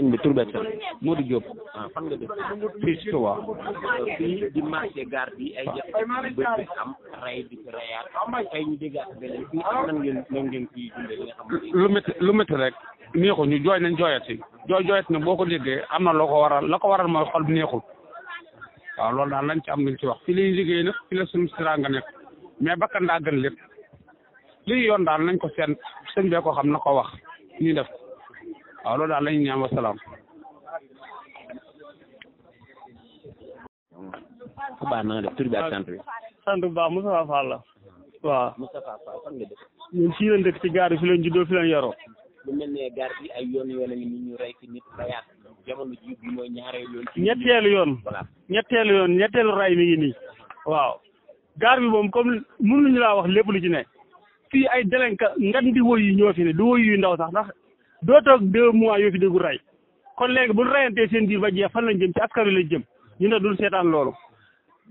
sëñ bi tur beeg sax Modou Diop. ah fan nga def fii si Touba. fii di marché gare bi ay jafe-jafe yu bëri am rey di ko reyaat lu métti lu métti rek neexul ñu jooy nañ jooyat si jooy jooyat na boo ko déggee am na loo ko waral la ko waral mooy xol bi neexul waaw loolu daal lañ ci am luñ ci wax fii la ñuy liggéey nag fii la suñu siraanga nekk mais bakkan daa gën lépp lii yoon daal nañ ko seen sëñ bee ko xam na ko wax ñu def waaw loolu daal la ñu ñaan wa salaam. baax na nga def tur bi sant bi. sant bu baax Moustapha Fall la. waaw Moustapha Fall fan nga dëkk. bi fi lañ juddoo fi lañ yaroo. lu ay yoon yoon ni yoon. ñetteelu yoon ray mi ngi nii. waaw gaar bi moom comme mënuñu la wax lépp lu ci ne. fii ay délinquant ngan di woy yi ñoo fi ne du woy yu ndaw sax ndax doo toog deux mois yoo fi déggul rey kon léegi bu rayantee seen biir ba jeex fan lañ jëm ci askan wi lañ jëm ñu ne dul seetaan loolu.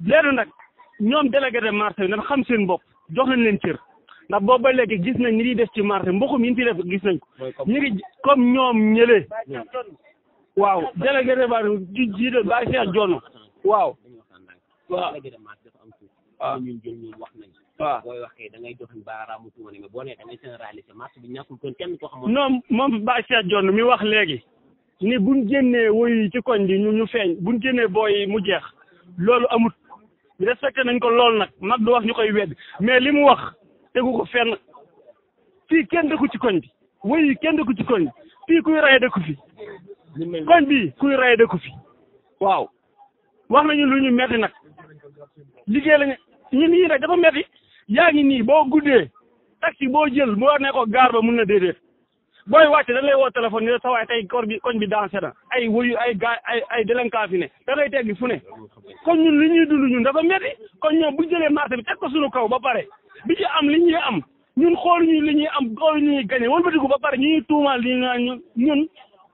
léegi nag ñoom délégué de marché bi nañ xam seen bopp jox nañ leen cër ndax boobu ba léegi gis nañ ñi di def ci marché mboxum yi ñu fi def gis nañ ko. ñu ngi comme ñoom ñële. waaw délégué ba marché ji jiite bàyyi Cheikh Jonn waaw. waaw. waaw. waaw booy wax kay da ngay jox baaraamu tuuma boo nee da ngay moom Baye Cheikh Dione mi wax léegi ni buñ génnee woy ci koñ bi ñu ñu feeñ buñ génnee booy mu jeex loolu amut respecté nañ ko lool nag mag du wax ñu koy wedd mais li mu wax tegu ko fen fii kenn dëkku ci koñ bi woy yi kenn dëkku ci koñ bi fii kuy rey dëkku fi koñ bi kuy rey dëkku fii waaw wax nañu lu ñu metti nag liggéey lañu ñun ñii rek dafa metti yaa ngi nii boo guddee taxi boo jël boo ne ko gaar ba mun na déedéet booy wàcc dañ lay woo téléphone yi sa waay tey koor bi koñ bi dansé na ay wuyu ay gaa ay ay délinquant fi ne da ngay teggi fu ne kon ñun li ñuy dund ñun dafa metti kon ñoom bu jëlee marché bi teg ko suñu kaw ba pare bi ci am li ñuy am ñun xool xooluñu li ñuy am xooluñu li ñuy gagné wëlbatiku ba pare ñu ñuy tuumaal li ñu ñun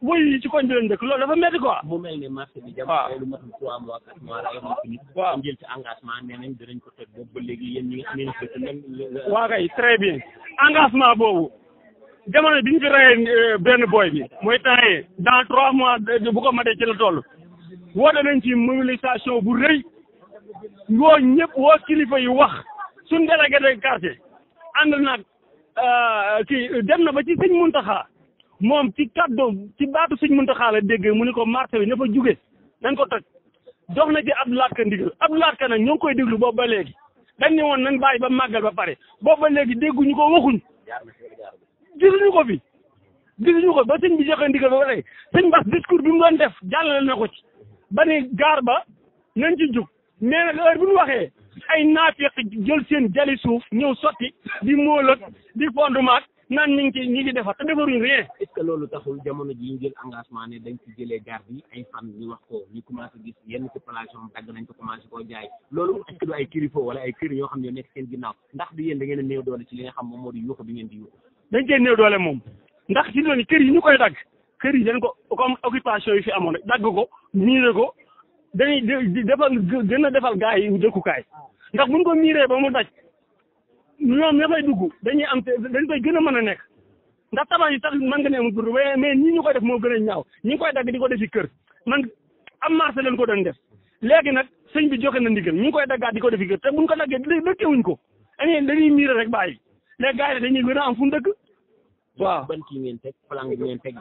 wooy yi ci koñ bi lañ dëkk loolu dafa métti quoi. mu mel ni marché bi jam lu matul trois mois ko teg boobu ba léegi yéen ñi nga xam ne dëkk même. waa boobu jamono bi ñu fi euh, benn boy bi mooy taayee dans trois mois euh, bu ko matee ci la toll woote nañ ci mobilisation bu rëy woo ñëpp woo kilifa yi wax suñ délégué de quartier ànd nag euh, kii dem na ba ci sëñ Muntaxa moom ci doom ci baatu sëñ Muntaxa la déggee mu ni ko marché bi na fa jóge nañ ko toj jox na ci Abdou Lahad Ka ndigal Abdou Ka nag ñoo ngi koy déglu boobu ba léegi dañ ne woon nañ bàyyi ba màggal ba pare boobu ba léegi dégguñu ko waxuñ gisuñu ko bi gisuñu ko ba sëñ bi joxe ndigal ba pare sëñ Bass discours bi mu doon def jàllale na ko ci ba ne gaar ba nañ ci jóg mais nag heure bu ñu waxee ay naafeq jël seen jali suuf ñëw sotti di móol ak di fondement naan ñu ngi ci ñu ngi defar te que loolu taxul jamono ji ñu jël engagement ne dañ ci jëlee garde yi ay fan ñu wax ko ñu commencé gis yenn ci population dagg nañ ko commencé koo jaay loolu est-ce que du ay kilifa wala ay kër yoo xam ne nekk seen ginnaaw ndax du yéen da ngeen a néew doole ci li nga xam moom moo di yuuxu bi ngeen di yuuxu dañ cee néew doole moom ndax ci loolu kër yi ñu koy dagg kër yi dañ ko comme occupation yi fi amoon rek dagg ko miire ko dañuy defal gën a defal gars yi dëkkukaay ndax buñ ko miiree ba mu daj ñoom ña fay dugg dañuy am dañ koy gën a mën a nekk ndax tabax yi tax mën nga ne amul pour mais mais ñi ñu koy def moo gën a ñaaw ñi ngi koy dagg di ko def si kër man am marché leen ko doon def léegi nag sëñ bi joxe na ndigal ñu ngi koy daggaat di ko def si kër te buñ ko daggee dëkkewuñ ko dañuy dañuy miir rek bàyyi gën a am fu mu dëkk waaw ban ngeen teg plan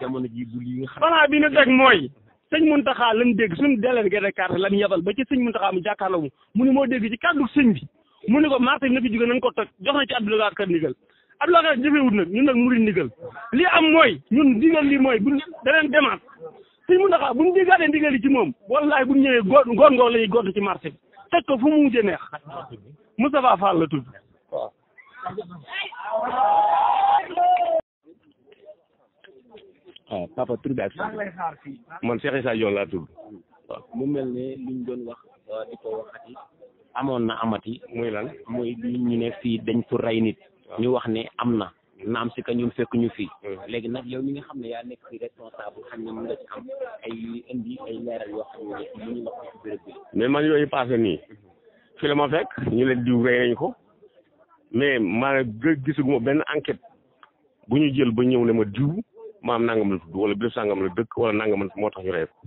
jamono ji bu lii nga xam plan bi ñu teg mooy sëñ Muntaxa lan dégg suñu délégué de carte lan yebal ba ci sëñ Muntaxa mu jàkkaarloo mu mu ni moo dégg ci kàddu sëñ bi mu ni ko marché bi na fi jóge nañ ko toj jox na ci Abdoulaye Wade Abdoulaye Khare jëfewut nag ñun nag murid ndigal li am mooy ñun ndigal li mooy buñ daneen demaat suñ mun ndaxa buñ diggaatee ndigal yi ci moom wallaay bu ñëwee góor góor ngoor la ñuy ah, mel ne liñ wax amoon na amati muy lan muy ñu ne fii dañ fu rey nit ñu wax ne am na mm-hmm. naam si ka ñun fekk ñu fii mm-hmm. léegi nag yow nga xam ne yaa nekk fi responsable xam ne mën mais man yooyu passé nii mm-hmm. fi ma fekk ñu leen diw rey nañ ko mais ma gisuguma benn enquête bu ñu jël ba ñëw ne ma diw ma am nangam la tudd wala béréb sangam la dëkk wala nangam moo tax ñu rey ko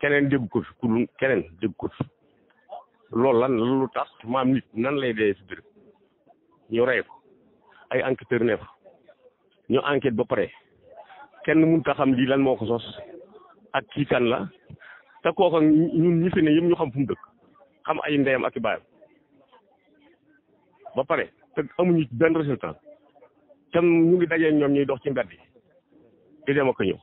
keneen dégg ko fi ku dul keneen dégg ko fi loolu lan lu tax maam nit nan lay dee si béréb ñu rey ko ay enquêteur ne fa ñu enquête ba pare kenn mënut a xam lii lan moo ko sos ak kii kan la te kooka ñun ñi fi ne ñu xam fu mu dëkk xam ay ndeyam ak i baayam ba pare te amuñu benn résultat tam ñu ngi dajee ñoom ñuy dox ci mbedd yi di dem ak ñëw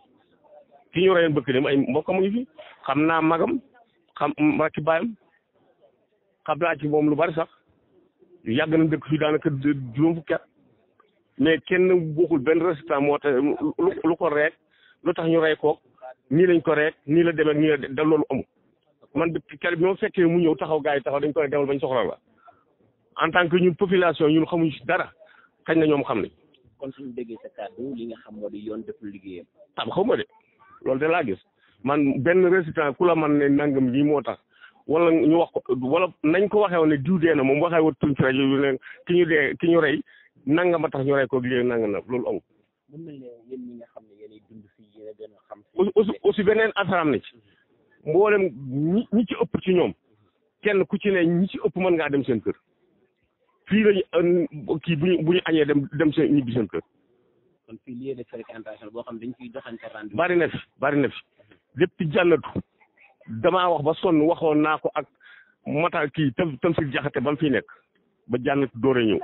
ki ñu reyoon bëkk dem ay mbokk amuñu fi xam naa magam xam rakki baayam xam naa ci moom lu bari sax yàgg na dëkk fii daanaka juróom fukki at mais kenn bokkul benn résultat moo tax lu ko reek lu tax ñu rey ko nii lañ ko reek nii la demee nii la da loolu amul man kër bi ma fekkee mu ñëw taxaw gars yi taxaw dañ ko ne demal bañ soxla la en tant que ñun population ñun xamuñu si dara xañ na ñoom xam ne kon suñu déggee sa kàddu li xam moo yoon dëpp liggéeyam. tam ah, xaw ma de loolu de laa gis man benn résultat ku la man ne nangam lii moo tax wala ñu wax ko wala nañ ko waxee woon ne diw dee na moom waxee woon tuñ ci rajo yu ne ki ñu dee ki ñu rey. nangam a tax ñu rey ko léegi nangam na loolu amul. mën nañ leen yéen xam ne yéenay dund fii yéen a gën aussi aussi beneen asaraam na ci. mboolem ñi ñi ci ëpp ci ñoom kenn ku ci ne ñi ci ëpp mën ngaa dem seen kër fii lañu euh, kii bu ñu bu añee dem dem seen ñibbi seen kër. kon fii lieu boo xam dañ ciy doxante bari na fi bari na fi lépp ci jàllatu damaa wax ba sonn waxoon naa ko ak matal kii tam si jaxate ba fi nekk ba jàllatu doore ñëw.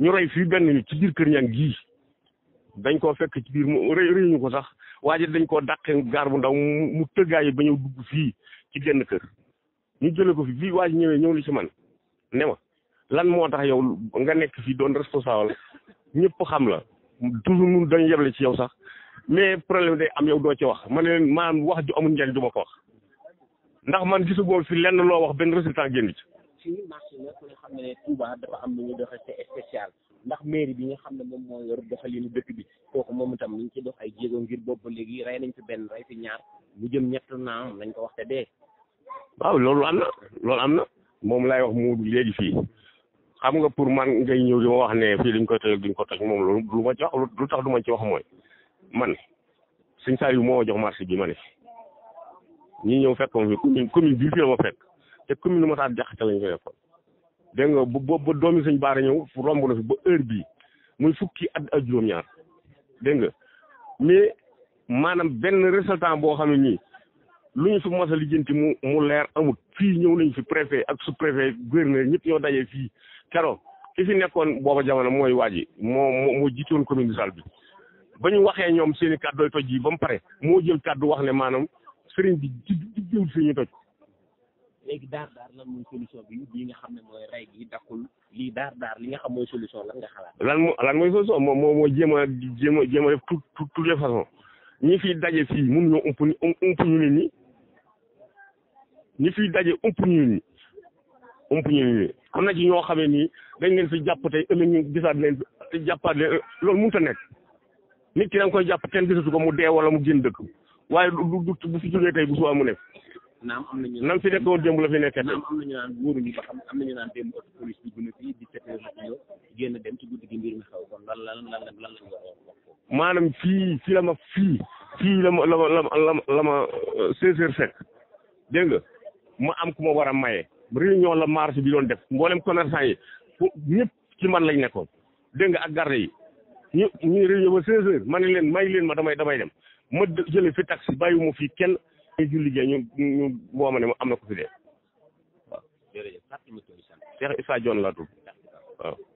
ñu rey fii benn nit ci biir kër ñang gii dañ koo fekk ci biir mu réyuñu ko sax waaye dañ koo dàqee gaar bu ndaw mu tëggaayi ba ñëw dugg fii ci genn kër ñu jële ko fi bii waa ñëwee ñëw li ci man ne ma lan moo tax yow nga nekk fii doon responsable ñëpp xam la toujours ñun dañu yeble ci yow sax mais problème day am yow doo ci wax ma ne leen wax ju amul njariñ du ma ko wax ndax man gisagoo fi lenn loo wax benn résultat génn ci ci marché la ku nga xam ne Touba dafa am lu ñu doxe c'est spécial ndax mairie bi nga xam ne moom moo yor doxalinu dëkk bi kooku moom itam ñu ngi ci dox ay jéego ngir bopp léegi rey nañ benn rey fi ñaar mu jëm ñett naa nañ ko wax te dee. waaw loolu am na loolu am moom laay wax mu léegi fii xam nga pour man ngay ñëw di ma wax ne fii dañ koy toj ko moom loolu lu ma ci wax lu tax du ma ci wax mooy man suñ saa yu moo jox marché bi ma ne ñi ñëw fekk moom fi commune commune bii fii la ma fekk. te commune Moussa Diakhaté lañ ko yokkoon dégg nga ba ba doomi sëñ Baara ñëw romb na fi ba heure bii muy fukki at ak juróom-ñaar dégg nga mais maanaam benn résultat boo xam ne nii lu ñu fi mos a lijjanti mu mu leer amut fii ñëw nañ fi préfet ak sous préfet gouverneur ñëpp ñoo dajee fii kero ki fi nekkoon booba jamono mooy waa ji moo moo moo jiitoon commune de bi ba ñu waxee ñoom seen i kàddooy toj yi ba mu pare moo jël kàddu wax ne maanaam sëriñ bi di di jël suñu toj. léegi daar daar lan mooy solution bi lii nga xam ne mooy rey gi dakkul lii daar daar li nga xam mooy solution lan nga xalaat. lan moo lan mooy solution moom moo moo jéem a jéem a jéem a def tout tout toutes les façons ñi fiy daje fii mënuñoo um, ump ñu ump ñu nit ñi ñi fiy daje ump ñu nit ñi ump ñu nit ñi kon nag ñoo xam ne nii dañ leen fi jàpp tey ëllëg ñu gisaat leen jàppaat leen loolu mënut a nekk nit ki da nga koy jàpp kenn gisatu ko mu dee wala mu génn dëkk waaye du du bu fi jógee tey bu suba mu nekk. naam am nañu nam fi nekk woon démb la fi nekkee naam am nañu naan wóoruñu ba xam am fii di dem ci guddi gi mbir mi xaw kon lan lan lan lan a fii fii la ma fii fii la ma la ma la ma la ma euh, fekk dégg nga ma am ku ma war a maye réunion la marché bi doon def mboolem commerçant yi pour ñëpp ci man lañ nekkoon dégg nga ak garde yi ñu ñu réunion ba seize heures ma leen may leen ma damay damay dem ma jële fi taxi bàyyiwuma fii kenn julli jee ñu ñu woo ma ne ma am na ko fi dee waaw. jërëjëf Cheikh Issa Dione laa tudd